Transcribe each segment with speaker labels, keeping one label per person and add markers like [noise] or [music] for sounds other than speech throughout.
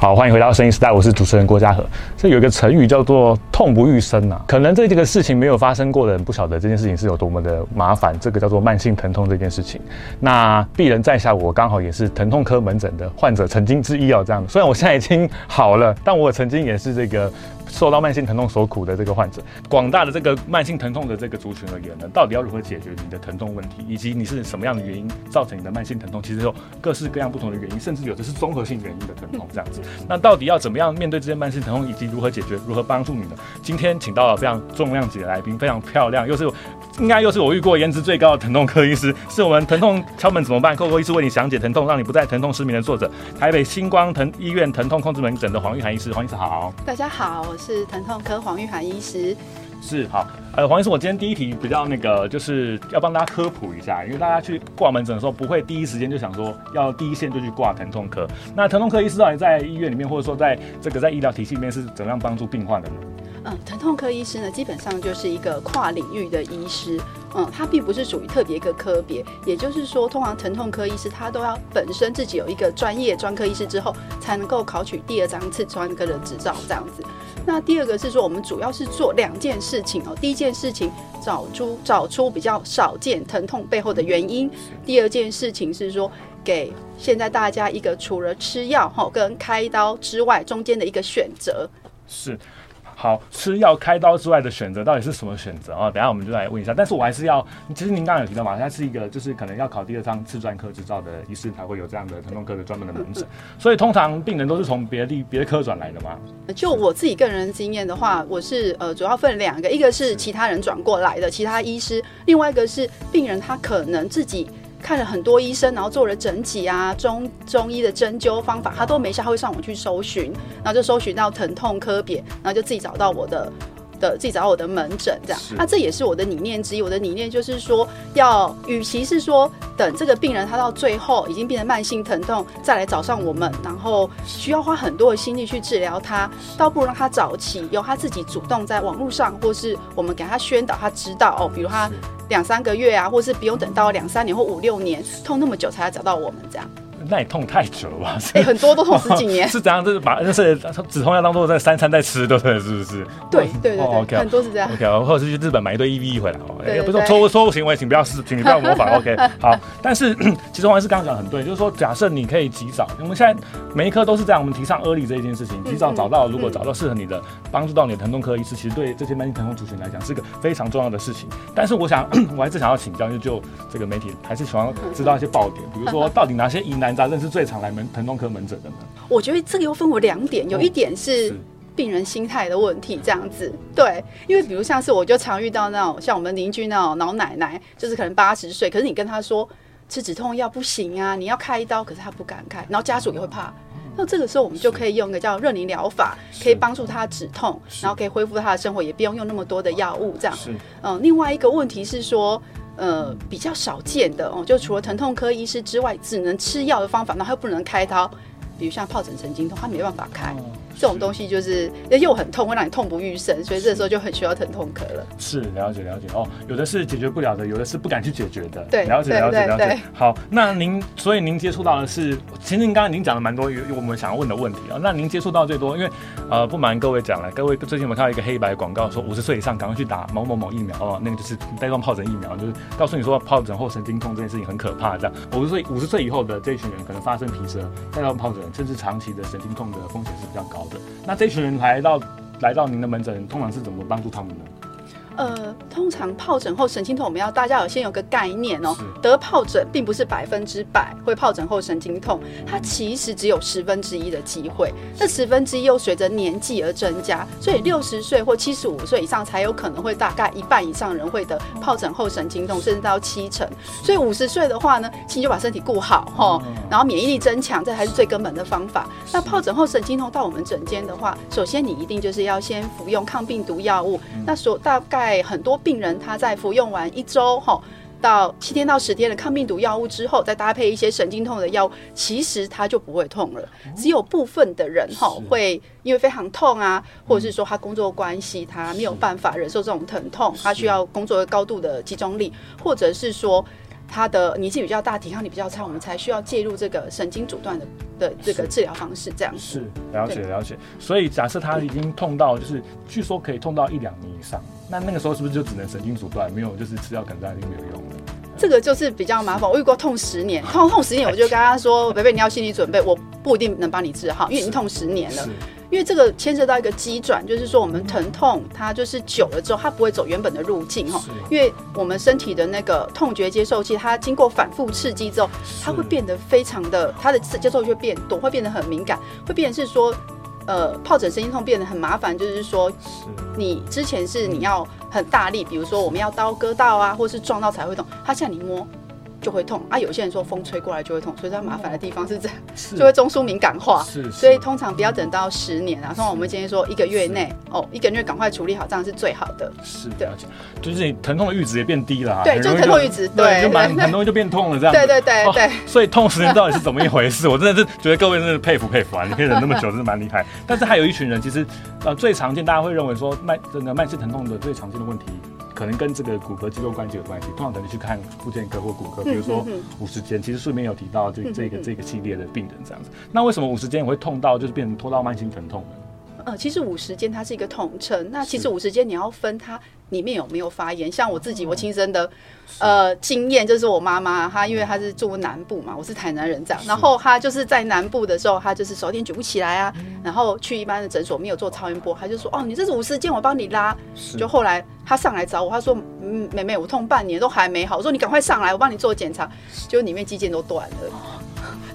Speaker 1: 好，歡迎回到《生醫時代》，我是主持人郭家和。這有一個成語叫做“痛不欲生、啊”吶，可能這幾個事情沒有發生過的人不曉得這件事情是有多麼的麻煩。這個叫做慢性疼痛這件事情，那鄙人在下我剛好也是疼痛科門診的患者曾經之一哦，這樣。雖然我現在已經好了，但我曾經也是這個。受到慢性疼痛所苦的這個患者，廣大的這個慢性疼痛的這個族群而言呢，到底要如何解決你的疼痛問題，以及你是什麼樣的原因造成你的慢性疼痛？其實有各式各樣不同的原因，甚至有的是綜合性原因的疼痛這樣子。那到底要怎麼樣面對這些慢性疼痛，以及如何解決、如何幫助你呢？今天請到了非常重量級的來賓，非常漂亮，又是。應該又是我遇過顏值最高的疼痛科醫師，是我們《疼痛敲門怎麼辦》《扣扣醫師為你詳解疼痛，讓你不再疼痛失眠》的作者，台北新光疼醫院疼痛控制門診的黃鈺涵醫師，黃醫師好。
Speaker 2: 大家好，我是疼痛科黃鈺涵醫師。
Speaker 1: 是好，呃，黃醫師，我今天第一題比較那個，就是要幫大家科普一下，因為大家去掛門診的時候，不會第一時間就想說要第一線就去掛疼痛科。那疼痛科醫師到底在醫院裡面，或者說在這個在醫療體系裡面，是怎樣幫助病患的呢？
Speaker 2: 嗯，疼痛科醫師呢，基本上就是一個跨領域的醫師。嗯，他並不是屬於特別一個科別，也就是說，通常疼痛科醫師他都要本身自己有一個專業專科醫師之後，才能夠考取第二張次專科的執照這樣子。是那第二個是說，我們主要是做兩件事情喔。第一件事情，找出找出比較少見疼痛背後的原因；是第二件事情是說，給現在大家一個除了吃藥吼跟開刀之外，中間的一個選擇。
Speaker 1: 是。好，吃藥、開刀之外的選擇，到底是什麼選擇啊？等一下我們就來問一下。但是我還是要，其實您剛剛有提到嘛，它是一個，就是可能要考第二張次專科執照的醫師，才會有這樣的疼痛科的專門的門診。 [laughs] 所以通常病人都是從別的、別的科轉來的嘛。
Speaker 2: 就我自己個人經驗的話，我是呃，主要分兩個，一個是其他人轉過來的其他醫師，另外一個是病人他可能自己。看了很多醫生，然後做了整脊啊，中中醫的針灸方法，他都沒效，他會上網去搜尋，然後就搜尋到疼痛科別，然後就自己找到我的。的，自己找我的門診，這樣，是那這也是我的理念之一。我的理念就是說，要與其是說等這個病人他到最後已經變成慢性疼痛再來找上我們，然後需要花很多的心力去治療他，倒是不如讓他早期，由他自己主動在網絡上，或是我們給他宣導，他知道哦，比如他兩三個月啊，或是不用等到兩三年或五六年痛那麼久才來找到我們這樣。
Speaker 1: 耐痛太久了吧？所以很多都痛十幾年。是怎樣？就是把那是止痛藥當做在三餐在吃，對不對？是不是？對對對，OK，很多是這樣。OK，或者是去日本買一堆 EVE 回來哦。對，不是說錯誤錯誤行為，請不要請不要模仿。OK，好。但是其實王醫師剛剛講很對，就是說，假設你可以及早，我們現在每一科都是這樣，我們提倡 early 這一件事情，及早找到，如果找到適合你的，幫助到你的疼痛科醫師，其實對這些慢性疼痛族群來講，是個非常重要的事情。但是我想，我還是想要請教，就就這個媒體，還是想要知道一些爆點，比如說到底哪些疑難。難雜症是最常來門疼痛科門診的呢。
Speaker 2: 我覺得這個又分為兩點，有一點是病人心態的問題，這樣子。對，因為比如像是我就常遇到那種像我們鄰居那種老奶奶，就是可能八十歲，可是你跟他說吃止痛藥不行啊，你要開一刀，可是他不敢開，然後家屬也會怕。嗯嗯、那這個時候我們就可以用一個叫熱凝療法，可以幫助他止痛，是然後可以恢復他的生活，是也不用用那麼多的藥物這樣。嗯，是嗯，另外一個問題是說。呃，比較少見的哦，就除了疼痛科醫師之外，只能吃藥的方法，然後又不能開刀，比如像疱疹神經痛，它沒辦法開。這種東西就是又很痛，會讓你痛不欲生，所以這個時候就很需要
Speaker 1: 疼痛科了。是，了解了解哦。有的是解決不了的，有的是不敢去解決的。對，了解了解了解。好，那您所以您接觸到的是，其實您剛剛您講了蠻多與我們想要問的問題啊。那您接觸到最多，因為呃不瞞各位講了，各位最近我看到一個黑白廣告，說五十歲以上趕快去打某某某疫苗哦，那個就是帶狀疱疹疫苗，就是告訴你說疱疹後神經痛這件事情很可怕，這樣五十歲五十歲以後的這群人可能發生皮蛇、帶狀疱疹，甚至長期的神經痛的風險是比較高的。那這群人來到來到您的門診，通常是怎麼幫助他們的？
Speaker 2: 呃，通常疱疹後神經痛，我們要大家要先有個概念哦。是得疱疹並不是百分之百會疱疹後神經痛，它其實只有十分之一的機會。嗯、那十分之一又隨着年紀而增加，所以六十歲或七十五歲以上才有可能會，大概一半以上人會得疱疹後神經痛，甚至到七成。所以五十歲的話呢，先就把身體顧好哦，嗯嗯，然後免疫力增強，這才是最根本的方法。是那疱疹後神經痛到我們診間的話，首先你一定就是要先服用抗病毒藥物。嗯、那所大概。在很多病人，他在服用完一周到七天到十天的抗病毒藥物之後，再搭配一些神經痛的藥物，其實他就不會痛了。只有部分的人哈會因為非常痛啊，或者是說他工作關係，他沒有辦法忍受這種疼痛，他需要工作的高度的集中力，或者是說。他的年紀比較大，抵抗力比較差，我們才需要介入這個神經阻斷的的這個治療方式。這樣子
Speaker 1: 是，是了解了解。所以假設他已經痛到，就是對據說可以痛到一兩年以上，那那個時候是不是就只能神經阻斷，沒有就是吃藥可能已經沒有用了，
Speaker 2: 這個就是比較麻煩。是我遇過痛十年，痛痛十年，我就跟他說：“伯伯， [laughs] 你要心理準備，我不一定能幫你治好，因為已經痛十年了。是”是因為這個牽涉到一個機轉，就是說我們疼痛它就是久了之後，它不會走原本的路徑是因為我們身體的那個痛覺接受器，它經過反覆刺激之後，它會變得非常的，它的刺接受就變多，會變得很敏感，會變成是說，呃，疱疹神經痛變得很麻煩，就是說，是你之前是你要很大力，比如說我們要刀割到啊，或是撞到才會痛，它像你摸。就會痛啊！有些人說風吹過來就會痛，所以它麻煩的地方是這，就會中樞敏感化。是，所以通常不要等到十年啊，通常我們建議說一個月內哦，一個月趕快處理好，這樣是最好
Speaker 1: 的。是的，就是你疼痛的閾值也變低了，對，就疼痛閾值，對，就蠻很多就變痛了這樣。對對對對。所以痛十年到底是怎麼一回事？我真的是覺得各位真的佩服佩服啊！你可以忍那麼久是蠻厲害。但是還有一群人，其實呃最常見，大家會認為說慢這個慢性疼痛的最常見的問題。可能跟這個骨骼、肌肉、關節有關係，通常可能去看復健科或骨科，比如說五十肩。其實書裡面有提到，這這個這個系列的病人這樣子。那為什麼五十肩會痛到就是變成拖到慢性疼痛呢？
Speaker 2: 呃、其實五十肩它是一個統稱。那其實五十肩你要分它裡面有沒有發炎。是像我自己，我親身的、嗯、呃是經驗就是我媽媽，她因為她是住南部嘛，我是台南人這樣。是然後她就是在南部的時候，她就是手點舉不起來啊。嗯、然後去一般的診所沒有做超音波，她就說哦，你這是五十肩，我幫你拉。是就後來她上來找我，她說：嗯，妹妹，我痛半年都還沒好，我說你趕快上來，我幫你做檢查。就是裡面肌腱都斷了。啊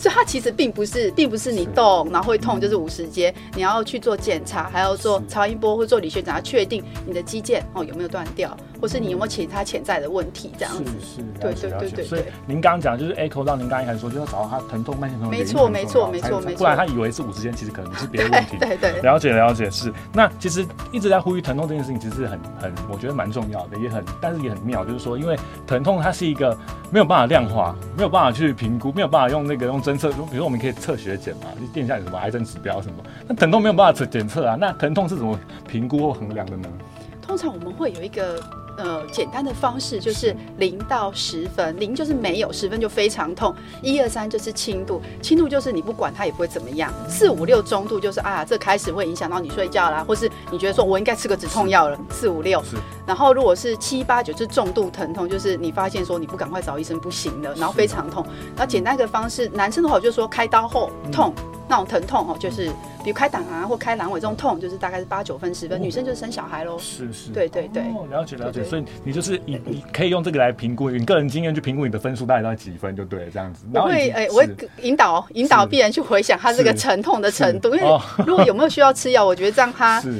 Speaker 2: 所以它其實並不是，並不是你動是然後會痛、嗯、就是五十肩，你要去做檢查，還要做超音波或做理學，只要確定你的肌腱哦有沒有斷掉，或是你有沒有其他潛在的問題、嗯、這樣子。是是，
Speaker 1: 對對對對。對對解所以您剛剛講就是 echo 到您剛剛一開始說，就要找到他疼痛慢性痛沒。沒錯沒錯沒錯沒錯。不然他以為是五十肩，其實可能是別的問題。對對，對，對了。了解了解，是。那其實一直在呼籲疼痛這件事情，其實是很很，我覺得蠻重要的，也很但是也很妙，就是說因為疼痛它是一個沒有辦法量化，沒有辦法去評估，沒有辦法用那個用針。比如說我們可以測血檢嘛，就看一下有什麼癌症指標什麼，那疼痛沒有辦法測檢測啊，那疼痛是怎麼評估或衡量的呢？
Speaker 2: 通常我們會有一個。呃，簡單的方式就是零到十分，零就是沒有，十分就非常痛，一二三就是輕度，輕度就是你不管它也不會怎麼樣，四五六中度就是啊，這開始會影響到你睡覺啦，或是你覺得說我應該吃個止痛藥了，四五六，然後如果是七八九是重度疼痛，就是你發現說你不趕快找醫生不行了，然後非常痛，然後、啊、簡單一個方式，男生的話就是說開刀後、嗯、痛。那種疼痛哦，就是比如開膽啊，或開闌尾這種痛，就是大概是八九分，十分。哦，女生就是生小孩嘍，是是，對對
Speaker 1: 對，哦，了解了解。對對，所以你就是以你可以用這個來評估，你個人經驗去評估你的分數大概到幾分就對了，這樣子。我會誒、欸，我會
Speaker 2: 引導是引導病人去回想他這個疼痛的程度，因為如果有沒有需要吃藥，是我覺得讓他是。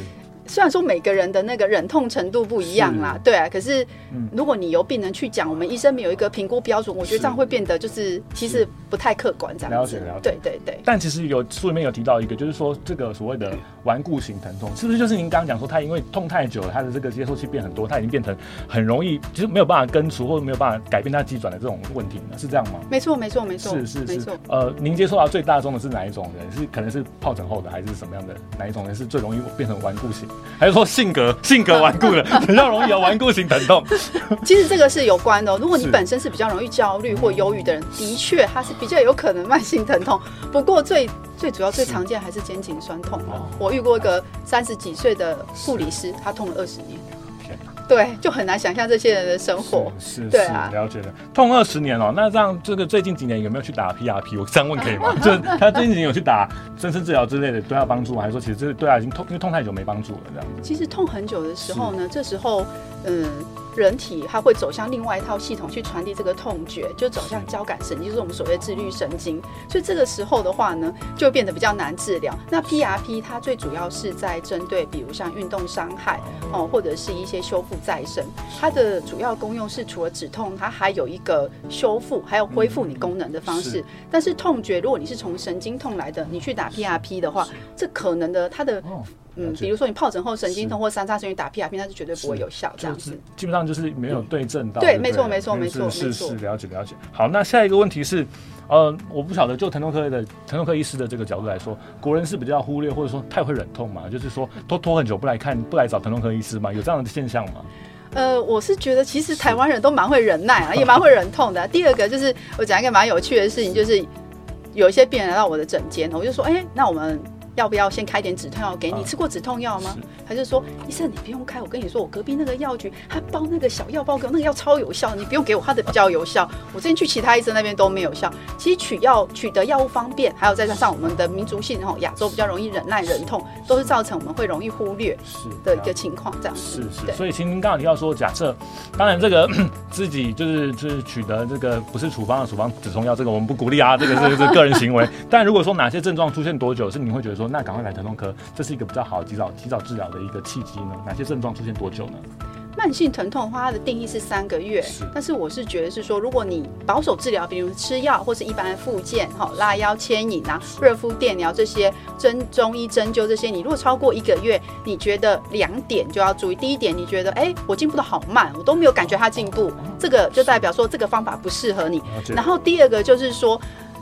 Speaker 2: 雖然說每個人的那個忍痛程度不一樣啦，是對啊，可是如果你由病人去講，我們醫生沒有一個評估標準，我覺得這樣會變得就是,是其實不太客觀這樣子，了解了解對對對。
Speaker 1: 但其實有書裡面有提到一個，就是說這個所謂的頑固性疼痛，是不是就是您剛剛講說他因為痛太久了，他的這個接受器變很多，他已經變成很容易，就是沒有辦法根除或者沒有辦法改變他機轉的這種問題呢？是這樣嗎？
Speaker 2: 沒錯，沒錯，沒錯。是是是，是
Speaker 1: 沒錯呃，您接受到最大宗的是哪一種人？是可能是疱疹後的，還是什麼樣的？哪一種人是最容易變成頑固性？還是說性格性格頑固的，比較容易有頑固性疼痛。
Speaker 2: [laughs] 其實這個是有關的。如果你本身是比較容易焦慮或憂鬱的人，是的確他是比較有可能慢性疼痛。不過最最主要、最常見還是肩頸痠痛。是我遇過一個三十幾歲的護理師，是他痛了二十年。對，就很難想象這些人的生活，是，是，是，啊、
Speaker 1: 了解的，痛二十年哦、喔，那這樣這個最近幾年有沒有去打 PRP？我這樣問可以嗎？ [laughs] 就他最近幾年有去打增生治療之類的，對他幫助嗎？還是說其實這對啊已經痛，因為痛太久沒幫助了這樣？
Speaker 2: 其實痛很久的時候呢，是這時候，嗯。人體它會走向另外一套系統去傳遞這個痛覺，就走向交感神經，就是我們所謂的自律神經。所以這個時候的話呢，就變得比較難治療。那 PRP 它最主要是在針對，比如像運動傷害哦，或者是一些修復再生。它的主要功用是除了止痛，它還有一個修復，還有恢復你功能的方式。嗯、是。但是痛覺，如果你是從神經痛來的，你去打 PRP 的話，這可能的它的。嗯嗯，比如說你疱疹後神經痛或三叉神經打皮下是它是絕對不會有效，這
Speaker 1: 樣子基本上就是沒有對症到。嗯、對，對，沒錯，沒錯，沒錯，是是了解了解。好，那下一個問題是，呃，我不曉得就疼痛科的疼痛科醫師的這個角度來說，國人是比較忽略或者說太會忍痛嘛？就是說拖拖很久不來看，不來找疼痛科醫師嘛？有這樣的現象嗎？
Speaker 2: 呃，我是覺得其實台灣人都蠻會忍耐啊，是也蠻會忍痛的、啊。 [laughs] 第二個就是我講一個蠻有趣的事情，就是有一些病人來到我的診間，我就說，哎、欸，那我們。要不要先開點止痛藥給你？啊、吃過止痛藥嗎？是還是說，醫生你不用開？我跟你說，我隔壁那個藥局，他包那個小藥包給我，那個藥超有效，你不用給我，他的比較有效。啊、我之前去其他醫生那邊都沒有效。其實取藥取得藥物方便，還有再加上我們的民族性，然後亞洲比較容易忍耐忍痛，是是都是造成我們會容易忽略的一個情況。這樣子是、啊、是是。對所以
Speaker 1: 請您剛才你要說，假設，當然這個對自己就是就是取得這個不是處方的處方止痛藥，這個我們不鼓勵啊，這個是是個人行為。 [laughs] 但如果說哪些症狀出現多久是你會覺得說。那趕快來疼痛科，這是一個比較好及早及早治療的一個契機呢。哪些症狀出現多久呢？
Speaker 2: 慢性疼痛的話，它的定義是三個月。是，但是我是覺得是說，如果你保守治療，比如吃藥或是一般的復健、哈拉是腰牽引啊、是熱敷電療這些針中醫針灸這些，你如果超過一個月，你覺得兩點就要注意。第一點，你覺得哎，我進步得好慢，我都沒有感覺它進步，這個就代表說這個方法不適合你。是然後第二個就是說，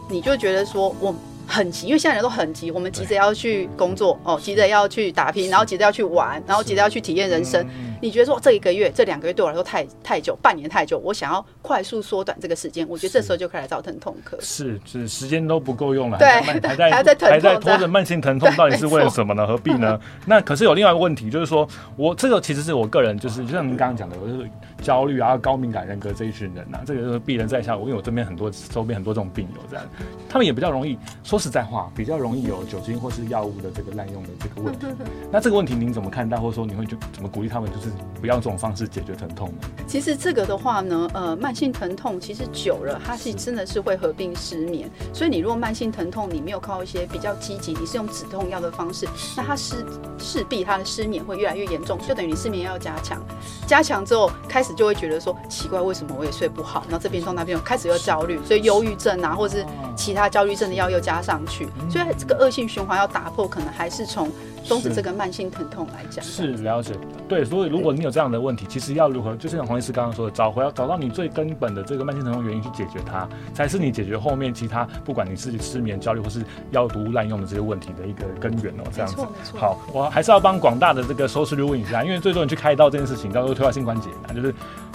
Speaker 2: 你就覺得說我。很急，因為現在人都很急，我們急着要去工作對哦，急着要去打拼，然後急着要去玩，是然後急着要去體驗人生。你覺得說這一個月、這兩個月對我來說太太久，半年太久，我想要快速縮短這個時間，我覺得這時候就可以來找疼痛科。
Speaker 1: 是，是時間都不夠用了，對，在對，還在還在拖着慢性疼痛，對到底是為了什麼呢？何必呢？ [laughs] 那可是有另外一個問題，就是說我這個其實是我個人、就是就剛剛，就是像您剛剛講的，我就是焦慮啊、高敏感人格這一群人吶、啊，這個就是病人在下，我因為我這邊很多周邊很多這種病友這樣，對他們也比較容易說實在話，比較容易有酒精或是藥物的這個濫用的這個問題。 [laughs] 那這個問題您怎麼看待？或者說你會怎麼鼓勵他們？就是不要用這種方式解決疼痛。
Speaker 2: 其實這個的話呢，呃，慢性疼痛其實久了，它是真的是會合併失眠。所以你如果慢性疼痛，你沒有靠一些比較積極，你是用止痛藥的方式，那它是勢必它的失眠會越來越嚴重，就等於你失眠要加強，加強之後開始就會覺得說奇怪，為什麼我也睡不好？然後這邊痛那邊痛，開始又焦慮，所以憂鬱症啊，或者是其他焦慮症的藥又加上去，所以這個惡性循環要打破，可能還是從。都是這
Speaker 1: 個慢性疼痛來講，是了解。對，所以如果你有這樣的問題，對其實要如何，就是像黃醫師剛剛說的，找回，要找到你最根本的這個慢性疼痛原因去解決它，才是你解決後面其他，不管你是失眠、焦慮或是藥毒濫用的這些問題的一個根源哦。沒錯，沒錯。好，我還是要幫廣大的這個收視率問一下，因為最多人去開刀這件事情，叫做退化性關節炎，那就是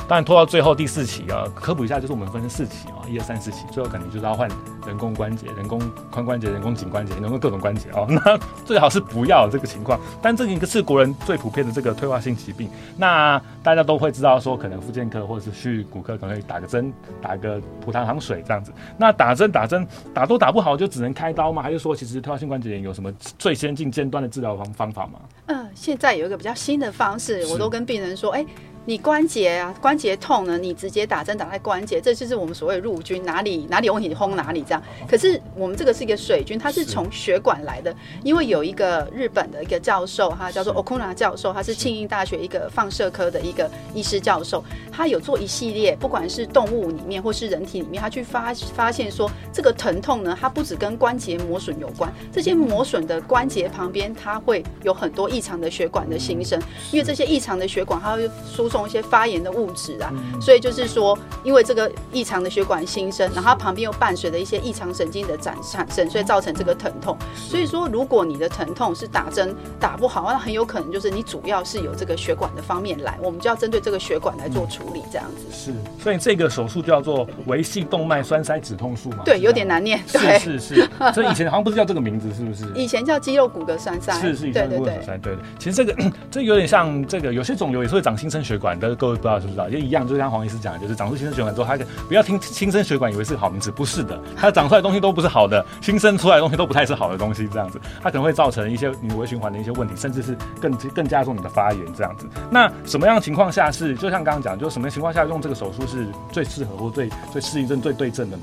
Speaker 1: 當然拖到最後第四期啊，科普一下，就是我們分成四期啊，一二三四期，最後肯定就是要換人工關節、人工髖關節、人工頸關節，人工各種關節哦。那最好是不要。這個情況，但這一個是國人最普遍的這個退化性疾病。那大家都會知道，說可能復健科或者是去骨科，可能會打個針，打個葡萄糖水這樣子。那打針打針打都打不好，就只能開刀嗎？還是說，其實退化性關節炎有什麼最先進、尖端的治療方方法嗎？嗯、
Speaker 2: 呃，現在有一個比較新的方式，我都跟病人說，哎。你關節啊，關節痛呢？你直接打針打在關節，這就是我們所謂陸軍哪裡哪裡有問題轟哪裡這樣。可是我們這個是一個水軍，它是從血管來的。是因為有一個日本的一個教授哈，他叫做 Okuna 教授，他是慶應大學一個放射科的一個醫師教授，他有做一系列，不管是動物裡面或是人體裡面，他去發發現說，這個疼痛呢，它不只跟關節磨損有關，這些磨損的關節旁邊，它會有很多異常的血管的新生，是因為這些異常的血管，它會輸出，一些發炎的物質啊，嗯、所以就是說，因為這個異常的血管新生，是然後它旁邊又伴隨着一些異常神經的產產生，所以造成這個疼痛。嗯、所以說，如果你的疼痛是打針打不好，那很有可能就是你主要是有這個血管的方面來，我們就要針對這個血管來做處理。這樣
Speaker 1: 子是，所以這個手術叫做微細動脈栓塞止痛術嘛？對，有
Speaker 2: 點難念。對是是
Speaker 1: 是，所以以前好像不是叫這個名字，是不是？ [laughs]
Speaker 2: 以前叫肌肉骨骼栓塞。是是，以
Speaker 1: 前肌肉骨骼栓塞。對的，對對對，其實這個這有點像這個，有些腫瘤也是會長新生血管。反正各位不知道知不知道？就一樣，就像黃醫師講的，就是長出新生血管之後，他可不要聽新生血管以為是個好名詞，不是的，它長出來的東西都不是好的，新生出來的東西都不太是好的東西，這樣子，它可能會造成一些你微循環的一些問題，甚至是更更加重你的發炎這樣子。那什麼樣的情況下是就像剛剛講，就是什麼情況下用這個手術是最適合或最最適應症最對症的呢？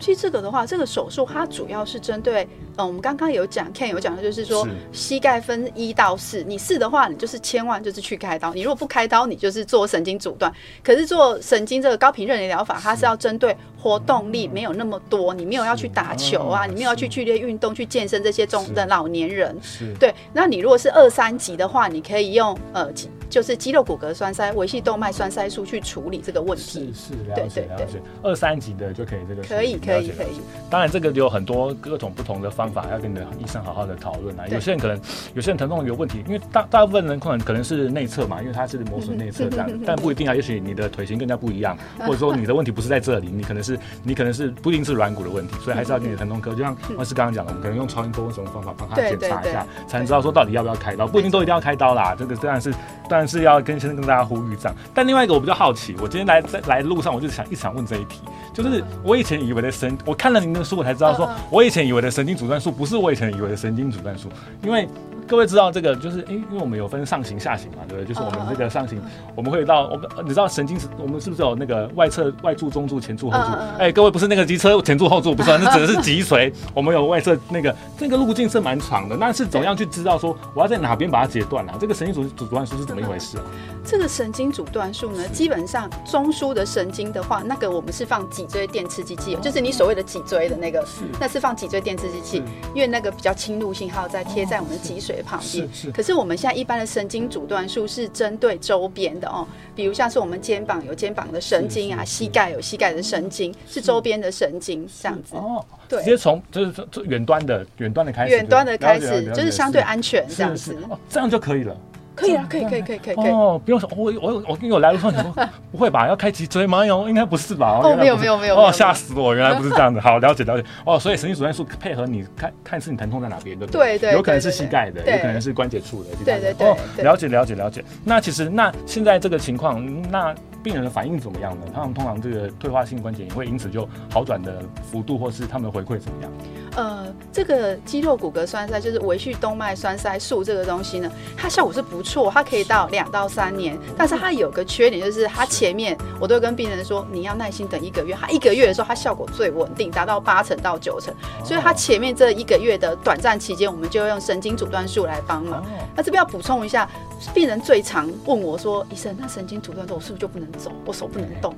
Speaker 2: 其實這個的話，這個手術它主要是針對，嗯，我們剛剛有講，Ken 有講的就是說，是膝蓋分一到四，你四的話，你就是千萬就是去開刀，你如果不開刀，你就是做神經阻斷。可是做神經這個高頻熱凝療法，它是要針對。活動力沒有那麼多，你沒有要去打球啊，你沒有要去劇烈運動去健身這些中的老年
Speaker 1: 人，對，
Speaker 2: 那你如果是二三級的話，你可以用呃，就是肌肉骨骼栓塞、微細動脈栓塞術去處理這個問題。是是了解
Speaker 1: 了解，二三級的就可以這個可以可以可以。當然，這個有很多各種不同的方法，要跟你的醫生好好的討論啊。有些人可能有些人疼痛有問題，因為大大部分人可能可能是內側嘛，因為它是磨損內側這樣，但不一定啊，也許你的腿型更加不一樣，或者說你的問題不是在這裡，你可能是。是，你可能是不一定是軟骨的問題，所以還是要去疼痛科。嗯、就像我是剛剛講的，嗯、我們可能用超音波或什麼方法幫他檢查一下，對對對，才能知道說到底要不要開刀。對對對，不一定都一定要開刀啦，對對對，這個當然是，當然是要跟先生跟大家呼籲這樣。但另外一個，我比較好奇，我今天來在來的路上，我就想一直想問這一題，就是我以前以為的神，我看了您的書，我才知道說，我以前以為的神經阻斷術不是我以前以為的神經阻斷術，因為。各位知道這個就是，因因為我們有分上行下行嘛，對不對？就是我們這個上行，我們會到我們你知道神經是，我們是不是有那個外側外柱、中柱、前柱、後柱？哎，各位不是那個機車前柱後柱不是，那指的是脊髓。我們有外側那個，這個路徑是蠻長的，那是怎樣去知道說我要在哪邊把它截斷呢？這個神經阻阻斷術是怎麼一回事？
Speaker 2: 這個神經阻斷術呢，基本上中樞的神經的話，那個我們是放脊椎電刺激器，就是你所謂的脊椎的那個，那是放脊椎電刺激器，因為那個比較侵入信號在貼在我們的脊髓旁邊，是是，可是我們現在一般的神經阻斷術是針對周邊的哦，比如像是我們肩膀有肩膀的神經啊，是是是膝蓋有膝蓋的神經，是，是，是周邊的神經這樣子。哦，對，直接
Speaker 1: 從就是遠端的遠端的開始，遠端的開始就是相對安全這樣子，是是哦，這樣就可以了。
Speaker 2: 可以，啊、可以啊，可以，可以，可
Speaker 1: 以，可以，可以哦！不用說、哦，我我我，因為我，我來的時候你說，不會吧， [laughs] 要開脊椎嗎？應該不是吧？是 [laughs] 哦，沒有，沒有，沒有，哦，嚇死我！原來不是這樣的， [laughs] 好，了解，了解哦。所以神經阻斷術配合你看看是，你疼痛在哪邊對不對？對對，對對，有可能是膝蓋的，對對對對，有可能是關節處的，對，對對對。哦，對對對對，了解，了解，了解。那其實那現在這個情況那。病人的反應怎麼樣呢？他們通常，這個退化性關節也會因此就好轉的幅度，或是他們的回饋怎麼樣？
Speaker 2: 呃，這個肌肉骨骼栓塞就是微細動脈栓塞術這個東西呢，它效果是不錯，它可以到兩到三年，但是它有個缺點就是它，前面我都會跟病人說，你要耐心等一個月，它一個月的時候它效果最穩定，達到八成到九成，所以它前面這一個月的短暫期間，我們就用神經阻斷術來幫忙。那、哦哦啊、這邊要補充一下。病人最常問我說：“醫生，那神經阻斷之後，我是不是就不能走？我手不能動？”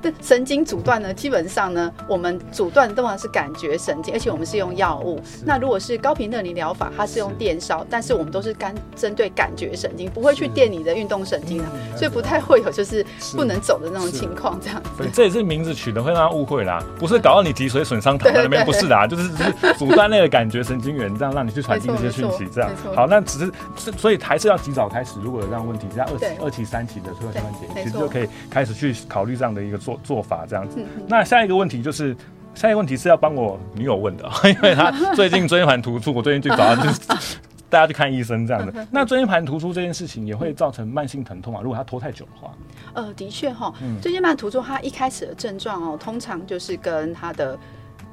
Speaker 2: 那神經阻斷呢？基本上呢，我們阻斷的往往是感覺神經，而且我們是用藥物。是那如果是高頻熱凝療法，它是用電燒，是但是我們都是干針對感覺神經，不會去電你的運動神經的，是所以不太會有就是不能走的那種情況。這樣，
Speaker 1: 這也是名字取得會讓他誤會啦，不是搞到你脊髓損傷，躺在那邊不是的，就是只、就是阻斷那個感覺神經元， [laughs] 這樣讓你去傳遞一些訊息。這樣好，那只是所以還是要。今早開始，如果有這樣問題，在二期、對二期、三期的椎間關節，其實就可以開始去考慮這樣的一個做做法，這樣子。嗯嗯、那下一個問題就是，下一個問題是要幫我女友問的，因為她最近椎間盤突出， [laughs] 我最近最早就是 [laughs] 大家去看醫生這樣的。嗯嗯、那椎間盤突出這件事情也會造成慢性疼痛啊，如果她拖太久的話。
Speaker 2: 呃，的確哈、哦，椎間盤突出她一開始的症狀哦，通常就是跟她的。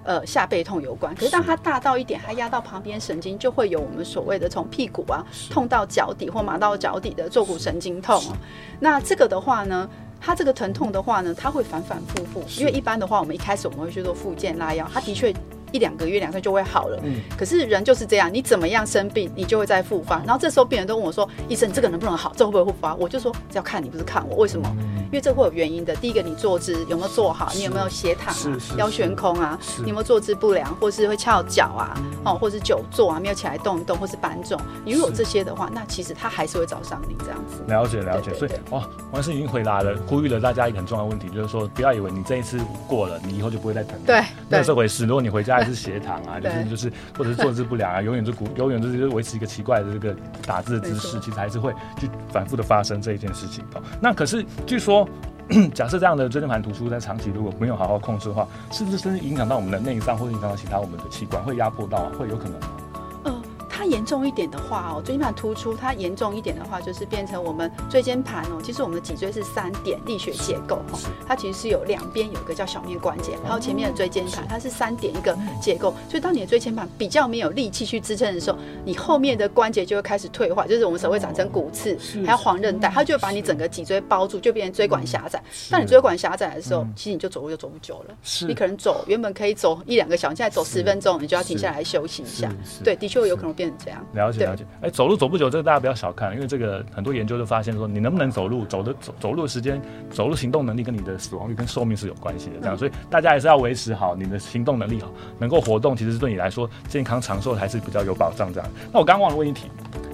Speaker 2: 呃，下背痛有關，可是當它大到一點，的它壓到旁邊神經，就會有我們所謂的從屁股啊的痛到腳底或麻到腳底的坐骨神經痛啊。的那這個的話呢，它這個疼痛的話呢，它會反反復復，因為一般的話，我們一開始我們會去做復健拉腰，它的確。一兩個月，兩個月就會好了。嗯，可是人就是這樣，你怎麼樣生病，你就會再復發。然後這時候病人都問我說：“醫生，這個能不能好？這會不會復發？”我就說：“要看你，不是看我。為什麼？因為這會有原因的。第一個，你坐姿有沒有坐好？你有沒有斜躺啊？腰懸空啊？你有沒有坐姿不良，或是會翹腳啊？哦，或是久坐啊，沒有起來動一動，或是搬重。如果有這些的話，那其實他還是會找上你這樣子。
Speaker 1: 了解，了解。所以，哦，黃醫師已經回答了，呼籲了大家一個很重要的問題，就是說，不要以為你這一次過了，你以後就不會再疼。
Speaker 2: 對，那這
Speaker 1: 回事。如果你回家。還是斜躺啊，就是就是，或者是坐姿不良啊，對 永遠就鼓，永遠就是維持一個奇怪的這個打字的姿勢，沒錯 其實還是會去反復的發生這一件事情的。那可是據說，假設這樣的椎間盤突出在長期如果沒有好好控制的話，甚至甚至影響到我們的內臟，或是影響到其他我們的器官，會壓迫到，啊？會有可能。
Speaker 2: 它嚴重一點的話哦，椎間盤突出。它嚴重一點的話，就是變成我們椎間盤哦。其實我們的脊椎是三點力學結構哦，它其實是有兩邊有一個叫小面關節，然後前面的椎間盤，它是三點一個結構。所以當你的椎間盤比較沒有力氣去支撐的時候，你後面的關節就會開始退化，就是我們手會長成骨刺，還有黃韌帶，它就會把你整個脊椎包住，就變成椎管狹窄。當你椎管狹窄的時候，其實你就走路就走不久了。你可能走原本可以走一兩個小時，現在走十分鐘你就要停下來休息一下。對，的確有可能變。了解了解，
Speaker 1: 哎對、欸，走路走不久，這個大家不要小看，因為這個很多研究就發現說，你能不能走路，走的走走路的時間，走路行動能力跟你的死亡率跟壽命是有關係的，這樣，嗯、所以大家還是要維持好你的行動能力好，好能夠活動，其實對你來說健康長壽還是比較有保障，這樣。那我剛剛忘了問一題。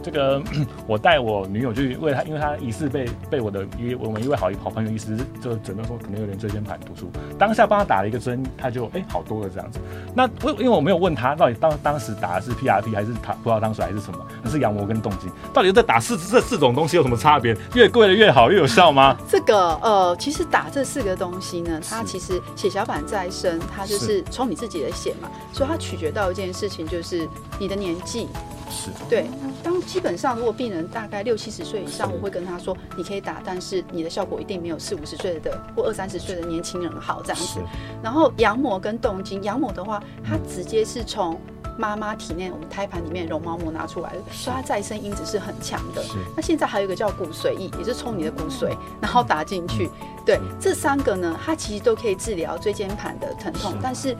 Speaker 1: 這個我帶我女友去為她，因為她疑似被被我的一我們一位好一好朋友一直就診斷說可能有點椎間盤突出，當下幫她打了一個針，她就哎好多了這樣子。那我因為我沒有問她到底當當時打的是 PRP 還是葡萄糖水還是什麼，是羊膜跟動機，到底在打四這四種東西有什麼差別？越貴的越好越有效嗎？
Speaker 2: 這個呃，其實打這四個東西呢，它其實血小板再生，它就是抽你自己的血嘛，是所以它取決到一件事情就是你的年紀。是的，對，當基本上如果病人大概六七十歲以上，是我會跟他說，你可以打，但是你的效果一定沒有四五十歲的或二三十歲的年輕人好這樣子。是然後羊膜跟凍精，羊膜的話，它直接是從媽媽體內我們胎盤裡面絨毛膜拿出來的，是所以它再生因子是很強的。是。那現在還有一個叫骨髓液，也是抽你的骨髓，然後打進去。對，是這三個呢，它其實都可以治療椎間盤的疼痛，是但是。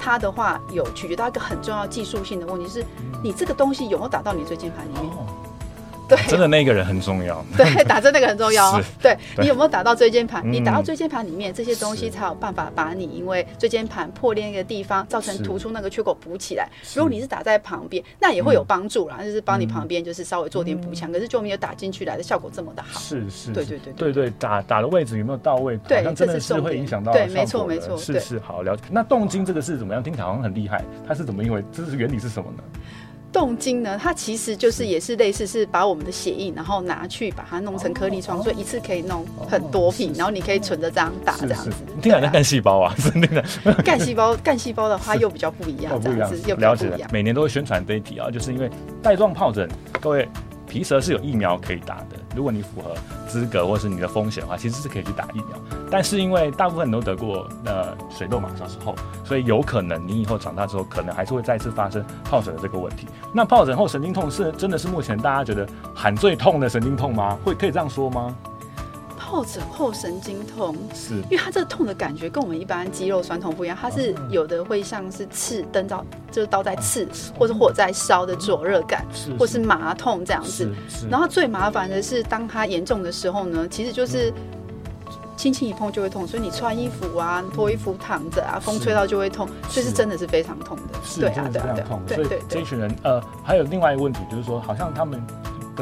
Speaker 2: 它的話有取決到一個很重要技術性的問題，就是你這個東西有沒有打到你椎間盤裡面。嗯哦真的
Speaker 1: 那一個人很重要。對，打針那個很重要。
Speaker 2: 對，你有沒有打到椎間盤？你打到椎間盤裡面，這些東西才有辦法把你，因為椎間盤破裂那個地方造成突出那個缺口補起來。如果你是打在旁邊，那也會有幫助啦，就是幫你旁邊就是稍微做點補強。可是就沒有打進去來的效果這麼的好。
Speaker 1: 是是，對對對對對，打打的位置有沒有到位？對，這是會影響到。對，沒錯，沒錯。是是，好了解。那動筋這個是怎麼樣？聽起來好像很厲害，它是怎麼？因為這是原理是什麼呢？
Speaker 2: 凍精呢？它其實就是也是類似，是把我們的血液，然後拿去把它弄成顆粒狀，所以、oh、一次可以弄很多瓶，oh、然後你可以存着這樣打，這
Speaker 1: 樣子。你聽好像幹細胞啊，那個， [laughs] 幹
Speaker 2: 細胞，幹細胞的話又比較不一樣，一樣這樣子又樣，了解了。了解。
Speaker 1: 每年都會宣傳這一題啊，就是因為帶狀疱疹，各位皮蛇是有疫苗可以打的。如果你符合資格或者是你的風險的話，其實是可以去打疫苗。但是因為大部分人都得過呃水痘嘛，小時候，所以有可能你以後長大之後，可能還是會再次發生疱疹的這個問題。那疱疹後神經痛是真的是目前大家覺得喊最痛的神經痛嗎？會可以這樣說嗎？
Speaker 2: 皰疹後神經痛是，因為它這個痛的感覺跟我們一般肌肉痠痛不一樣，它是有的會像是刺，燈刀就是刀在刺，或是火在燒的灼熱感，嗯、是是或是麻痛這樣子。是是然後最麻煩的是，當它嚴重的時候呢，其實就是輕輕一碰就會痛，所以你穿衣服啊、脫衣服、躺着啊、風吹到就會痛，所、就、以是真的是非常痛的。
Speaker 1: 是對啊，是是非常痛。所以這一群人呃，還有另外一個問題就是說，好像他們。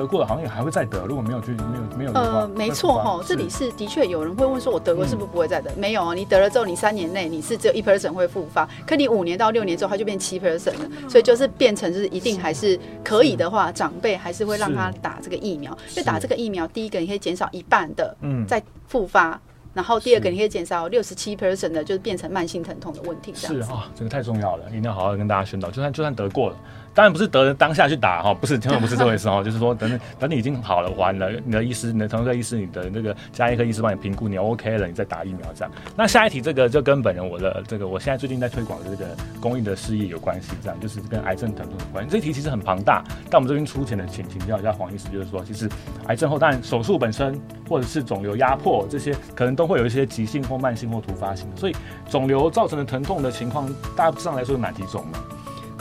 Speaker 1: 得過的好像也還會再得，如果沒有去沒有沒有。沒有呃，沒錯哈、哦，是這裡
Speaker 2: 是的確有人會問說，我得過是不是不會再得？嗯、沒有、哦、你得了之後，你三年內你是只有一 person 會復發，可你五年到六年之後，它就變七 person 了，嗯、所以就是變成就是一定還是可以的話，是長輩還是會讓他打這個疫苗。所以是打這個疫苗，是第一個你可以減少一半的再復發，嗯、然後第二個你可以減少六十七 person 的就是變成慢性疼痛的問
Speaker 1: 題這樣。是啊，這個太重要了，一定要好好跟大家宣導。就算就算得過了。當然不是得的當下去打哈，不是，千萬不是這回事哈。就是說，等等，你已經好了，完了，你的醫師，你的疼痛的醫師，你的那個家醫科醫師幫你評估，你 OK 了，你再打疫苗這樣。那下一題，這個就跟本人我的這個，我現在最近在推廣的這個公益的事業有關係，這樣就是跟癌症疼痛有關係。這一題其實很龐大，但我們這邊粗淺的請請教一下黃醫師，就是說，其實癌症後，當然手術本身或者是腫瘤壓迫這些，可能都會有一些急性或慢性或突發性的。所以腫瘤造成的疼痛的情況，大致上來說有哪幾種呢？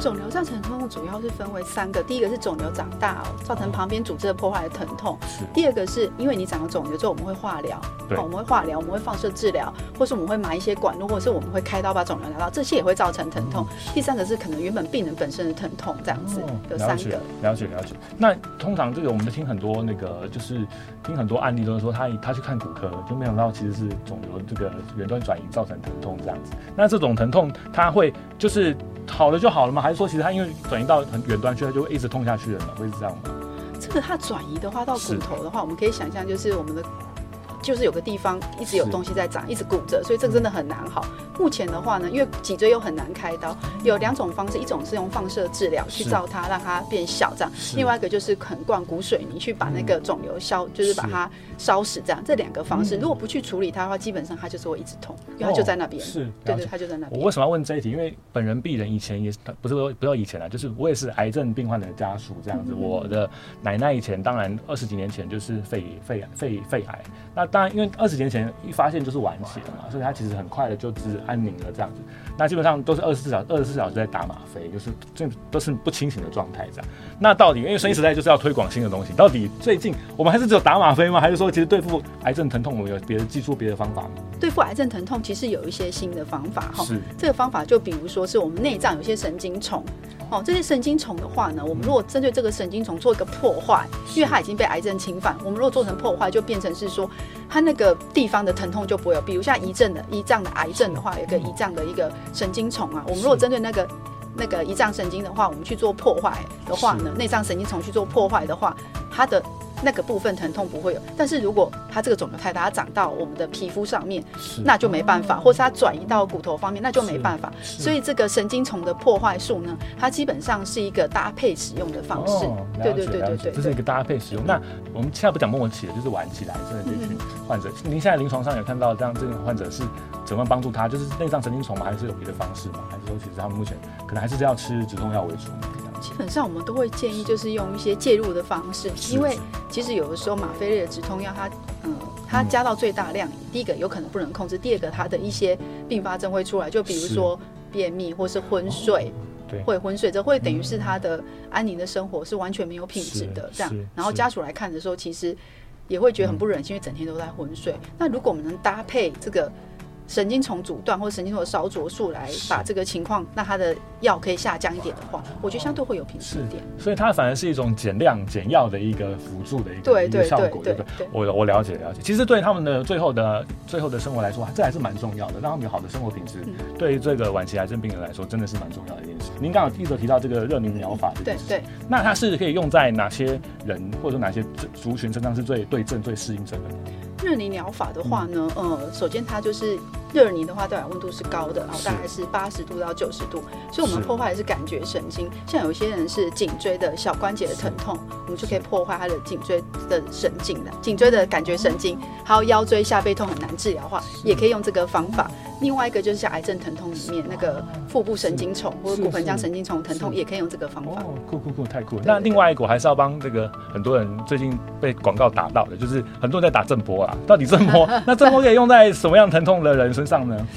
Speaker 2: 腫瘤造成疼痛的主要是分為三個，第一個是腫瘤長大哦，造成旁邊組織的破壞的疼痛。是第二個是因為你長了腫瘤之後對、哦，我們會化療，對，我們會化療，我們會放射治療，或是我們會埋一些管路，或者是我們會開刀把腫瘤拿到，這些也會造成疼痛。嗯、第三個是可能原本病人本身的疼痛這樣子，嗯、有三
Speaker 1: 個，了解了解了解。那通常這個我們聽很多那個就是聽很多案例都是說他，他他去看骨科，就沒想到其實是腫瘤這個遠端轉移造成疼痛這樣子。那這種疼痛他會就是。好了就好了嗎？還是說，其實它因為轉移到很遠端去，它就會一直痛下去的呢？會是這樣嗎？
Speaker 2: 這個它轉移的話，到骨頭的話，是我們可以想象，就是我們的。就是有個地方一直有東西在長，一直骨折，所以這個真的很難。好，目前的話呢，因為脊椎，又很難開刀，有兩種方式，一種是用放射治療去照它，讓它變小這樣，另外一個就是肯灌骨水泥去把那個腫瘤消，就是把它燒死這樣。這兩個方式，如果不去處理它的話，基本上它就是會一直痛，因為它就在那邊。是，對，對，它就在那邊。我為
Speaker 1: 什麼要問這一題？因為本人病人以前也是，不是，不要以前了，就是我也是癌症病患的家屬這樣子。我的奶奶以前，當然二十幾年前就是肺肺肺肺癌，那那因為二十年前一發現就是晚期了嘛，所以他其實很快的就治安寧了這樣子。那基本上都是二十四小時二十四小時在打嗎啡，就是這都是不清醒的狀態這樣。那到底因為生醫時代就是要推廣新的東西，對 到底最近我們還是只有打嗎啡嗎？還是說其實對付癌症疼痛我們有別的技術、別的方法嗎？
Speaker 2: 對付癌症疼痛其實有一些新的方法哈。是這個方法就比如說是我們內臟有些神經叢。嗯哦，這些神經叢的話呢，我們如果針對這個神經叢做一個破壞，嗯、因為它已經被癌症侵犯，我們如果做成破壞，是就變成是說，它那個地方的疼痛就不會有。比如像胰臟的，胰臟的癌症的話，有一個胰臟的一個神經叢啊，嗯、我們如果針對那個是那個胰臟神經的話，我們去做破壞的話呢，內臟是神經叢去做破壞的話，它的。那個部分疼痛不會有，但是如果它這個腫瘤太大，它長到我們的皮膚上面，是那就沒辦法，或是它轉移到骨頭方面，那就沒辦法。所以這個神經叢的破壞術呢，它基本上是一個搭配使用的方式。哦、對對對對對，這
Speaker 1: 是一個搭配使用。那我們現在不講某某起的就是玩起來，現在這群患者，您、嗯、現在臨床上有看到這樣這個患者是怎麼幫助他？就是內臟神經叢還是有別的方式嘛？還是說其實他們目前可能還是要吃止痛藥為主？
Speaker 2: 基本上我們都會建議，就是用一些介入的方式，是是因為其實有的時候嗎啡類的止痛藥，它嗯，它加到最大量，第一個有可能不能控制，第二個它的一些併發症會出來，就比如說便秘或是昏睡，
Speaker 1: 對是，會昏
Speaker 2: 睡，這會等於是他的安寧的生活是完全沒有品質的這樣。是是是，然後家屬來看的時候，其實也會覺得很不忍心，嗯，因為整天都在昏睡。那如果我們能搭配這個。神經叢阻斷或神經叢燒灼術來把這個情況，那他的藥可以下降一點的話，我覺得相對會有品質一
Speaker 1: 點是。所以它反而是一種減量減藥的一個輔助的一個一個效果。一對，對，對，對，對，我我了解，了解。其實對他們的最後的最後的生活來說，這還是蠻重要的，讓他們有好的生活品質。嗯、對於這個晚期癌症病人來說，真的是蠻重要的一件事。您剛好一直有提到這個熱凝療法、嗯，對對，對。那它是可以用在哪些人或者說哪些族群身上是最對症最適應症的？
Speaker 2: 熱凝療法的話呢，呃，首先它就是。熱凝的話，對熱溫度是高的，然後大概是八十度到九十度，所以我們破壞的是感覺神經。像有些人是頸椎的小關節的疼痛，我們就可以破壞他的頸椎的神經的，頸椎的感覺神經。還有腰椎下背痛很難治療的話，也可以用這個方法。另外一個就是像癌症疼痛裡面那個腹部神經叢或者骨盆腔神經叢疼痛，也可以用這個方法。
Speaker 1: 哦，酷酷酷，太酷了。那另外一個我還是要幫這個很多人最近被廣告打到的，就是很多人在打震波啊，到底震波，那震波可以用在什麼樣疼痛的人身上呢？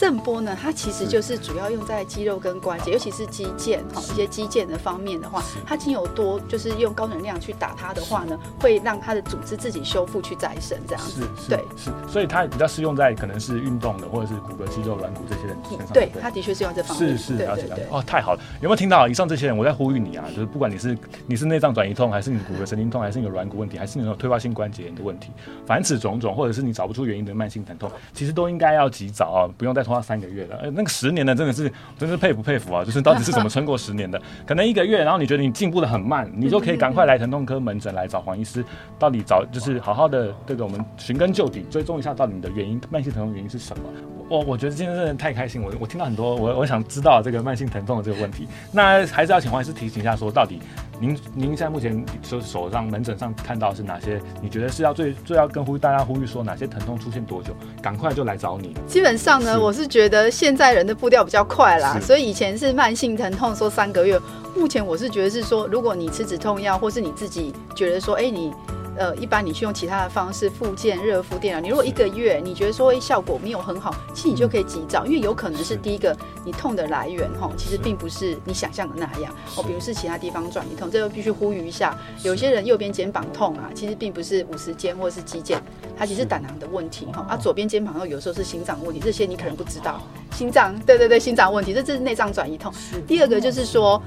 Speaker 2: 震波呢，它其實就是主要用在肌肉跟關節，是尤其是肌腱哈、喔、一些肌腱的方面的話，是它經有多就是用高能量去打它的話呢，是會讓它的組織自己修復去再生這樣子是。是
Speaker 1: 是。對是，所以它比較適用在可能是運動的或者是骨骼肌肉軟骨這些人體。對，對它
Speaker 2: 的確是用在這方面。是
Speaker 1: 是了解哦，太好了，有沒有聽到、啊、以上這些人我在呼籲你啊？就是不管你是你是內臟轉移痛，還是你骨骼神經痛， [laughs] 還是你軟骨問題，還是你有退化性關節炎的問題，凡此種種，或者是你找不出原因的慢性疼痛，其實都應該要及早啊，不用再。花三個月的呃、欸，那個十年的真的是，真是佩服佩服啊！就是到底是怎麼撐過十年的？ [laughs] 可能一個月，然後你覺得你進步得很慢，你就可以趕快來疼痛科門診來找黃醫師， [laughs] 到底找就是好好的這個我們尋根究底，追蹤一下到底你的原因，慢性疼痛原因是什麼？我我覺得今天真的太開心，我我聽到很多，我我想知道這個慢性疼痛的這個問題。那還是要請黃醫師提醒一下，說到底。您您現在目前手手上門診上看到是哪些？你覺得是要最最要跟呼籲大家呼籲說哪些疼痛出現多久，趕快就來找你。基
Speaker 2: 本上呢，是我是覺得現在人的步調比較快啦，是所以以前是慢性疼痛說三個月，目前我是覺得是說，如果你吃止痛藥或是你自己覺得說，哎、欸、你。呃，一般你去用其他的方式，復健熱敷電腦。你如果一個月是你覺得說、欸、效果沒有很好，其實你就可以急躁，因為有可能是第一個是你痛的來源，其實並不是你想象的那樣哦，比如是其他地方轉移痛，這又必須呼籲一下，是有些人右邊肩膀痛啊，其實並不是五十肩或是肌腱，它其實膽囊的問題哈，啊左邊肩膀有時候是心臟問題，這些你可能不知道，心臟，對對對，心臟問題，這這是內臟轉移痛。是第二個就是說。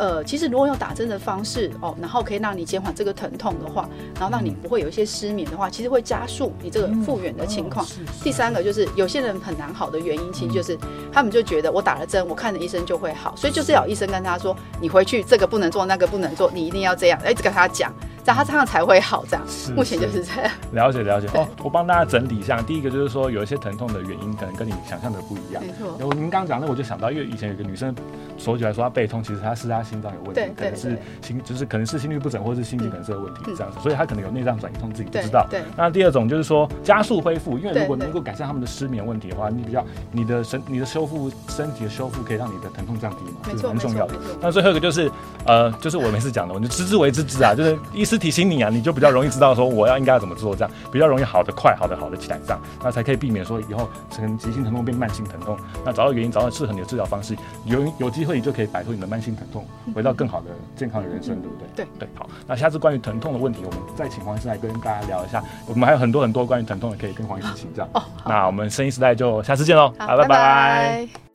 Speaker 2: 呃，其實如果用打針的方式哦，然後可以讓你減緩這個疼痛的話，然後讓你不會有一些失眠的話，其實會加速你這個復原的情況。嗯哦啊、第三個就是有些人很難好的原因，其實就是、嗯、他們就覺得我打了針，我看了醫生就會好，所以就是要醫生跟他說，啊、你回去這個不能做，那個不能做，你一定要這樣，一直跟他講。這樣它，這樣才會好，這樣目前就是這樣。
Speaker 1: 了解了解，哦，我幫大家整理一下。第一個就是說，有一些疼痛的原因可能跟你想象的不一樣。沒錯。然後您剛剛講的我就想到，因為以前有一個女生，說起來說她背痛，其實她是她心臟有問題，可能是心就是可能是心律不整，或者是心肌梗塞的問題這樣。所以她可能有內臟轉移痛，自己不知道。對。那第二種就是說加速恢復，因為如果能夠改善他們的失眠問題的話，你比較你的身你的修復身體的修復可以讓你的疼痛降低嘛，是很重要的。那最後一個就是呃，就是我沒事講的，我就知之為知之啊，就是一。是提醒你啊，你就比較容易知道說我要應該要怎麼做，這樣比較容易好的快，好的好的起來這樣，那才可以避免說以後成急性疼痛變慢性疼痛。那找到原因，找到適合你的治療方式，有有機會你就可以擺脫你的慢性疼痛，回到更好的健康的人生，嗯、哼對不對？嗯、對對，好。那下次關於疼痛的問題，我們再請黃醫生來跟大家聊一下。我們還有很多很多關於疼痛的，可以跟黃醫生請教。哦，那我們生醫時代就下次見嘍，好，拜拜。